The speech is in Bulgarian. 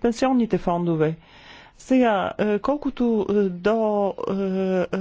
пенсионните фондове. Сега, е, колкото е, до е,